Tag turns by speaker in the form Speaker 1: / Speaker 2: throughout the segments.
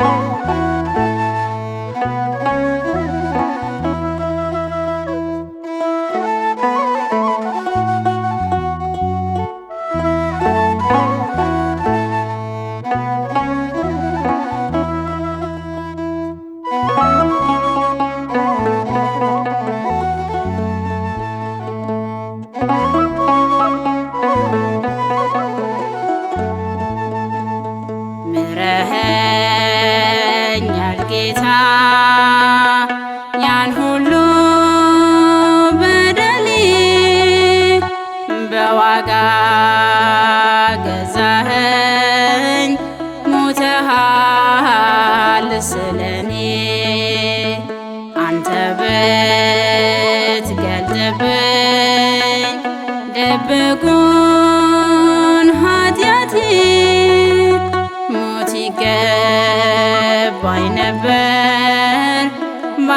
Speaker 1: you.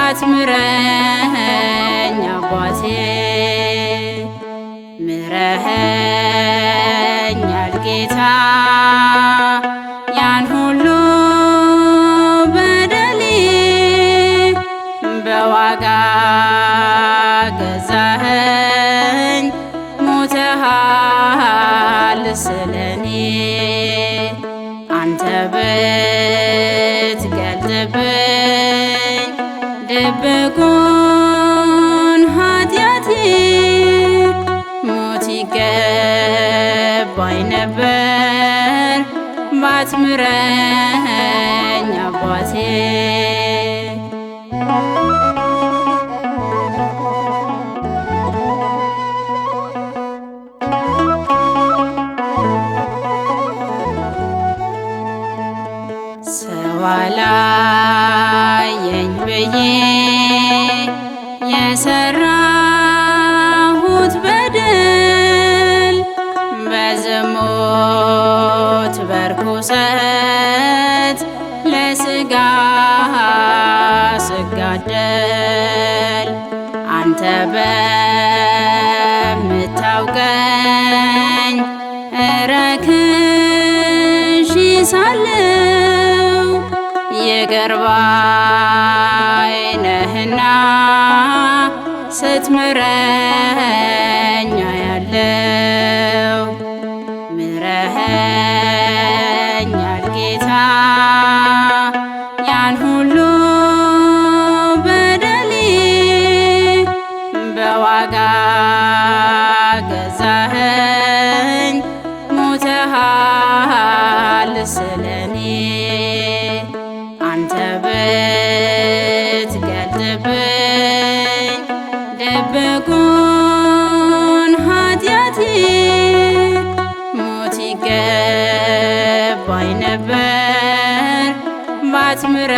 Speaker 1: አትምረኝ አባቴ ምረኸኛል ጌታ ያን ሁሉ በደሌ በዋጋ ገዛኸኝ ሞተሃል ስለኔ አንተ በ ባይ ነበር ባትምረኝ አባቴ
Speaker 2: ሰዋላ ርኩሰት ለስጋ ስጋደል አንተ በምታውቀኝ እረክሽ ሳለው የገርባይ ነህና ስትምረኛ ያለ በጎን ኃጢአቴ ሞት ይገባኝ ነበር ባትምረ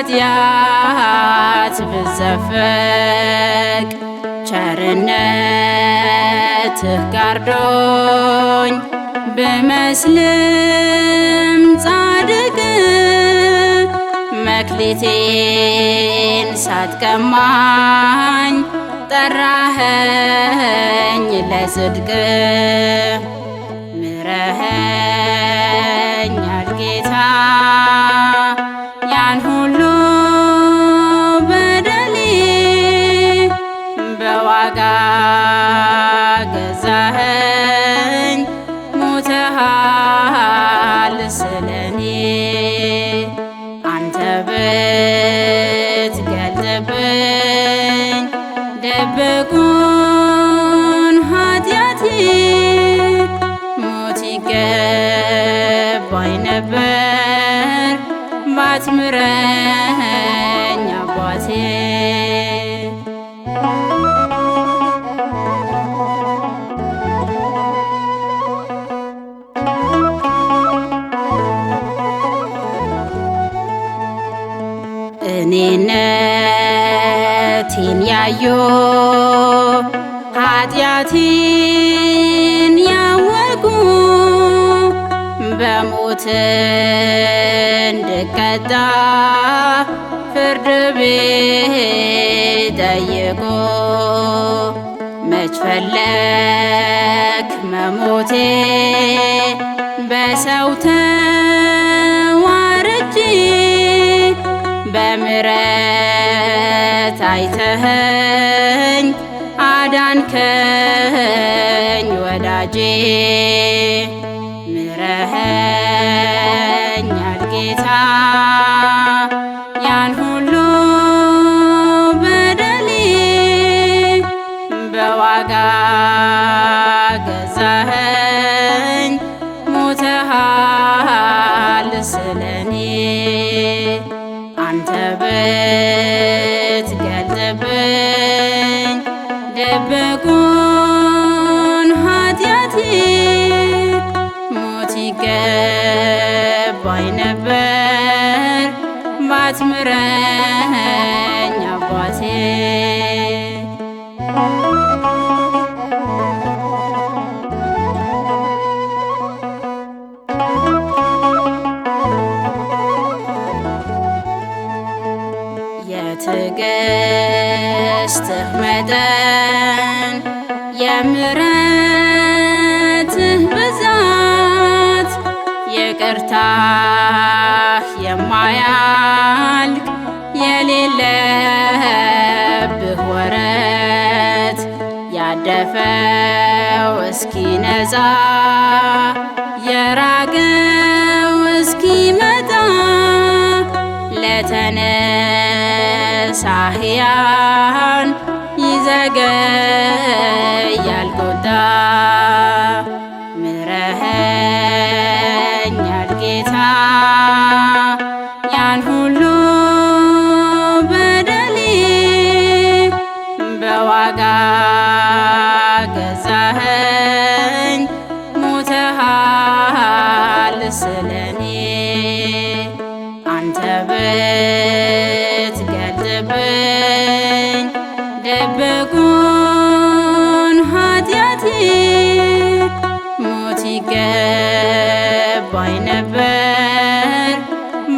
Speaker 3: ኃጢአት ብዘፈቅ ቸርነትህ ጋርዶኝ ብመስልም ጻድቅ መክሊቴን ሳትቀማኝ ጠራኸኝ ለጽድቅ ምረኸኝ ስለኔ አንተ ብትገልጥብኝ ደብቁን ኃጢአቴ ሞት ይገባኝ ነበር ባትምረኝ አባቴ
Speaker 4: እኔነቴን ያዩ ኃጢአቴን ያወቁ በሞት እንድቀጣ ፍርድ ቤት ጠየቁ። መች ፈለክ መሞቴ በሰውተ ምሕረት አይተኸኝ አዳንከኝ ወዳጄ ምረኸኛል ጌታ ያን ሁሉ በደሌ በዋጋ ገዛኸኝ አባይ ነበር ማትምረኝ አባቴ
Speaker 5: የትዕግስትህ መጠን የምረ ይቅርታ የማያልቅ የሌለብህ ወረት ያደፈው እስኪ ነዛ የራገው እስኪ መጣ ለተነሳ ሕያን ይዘገያል ቁጣ የደበቁን ኃጢአት ሞት ይገባኝ ነበር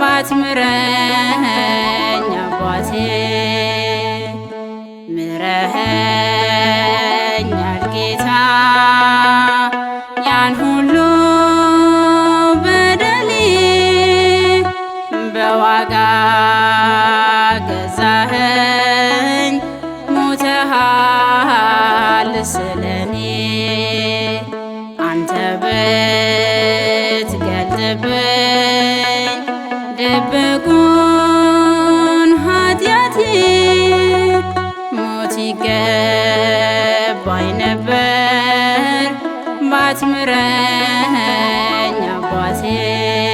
Speaker 5: ባትምረኝ አባቴ ስለኔ አንተ ብትገልጥብኝ ድብቁን ኃጢአቴ ሞት ይገባኝ ነበር ባትምረኝ አባቴ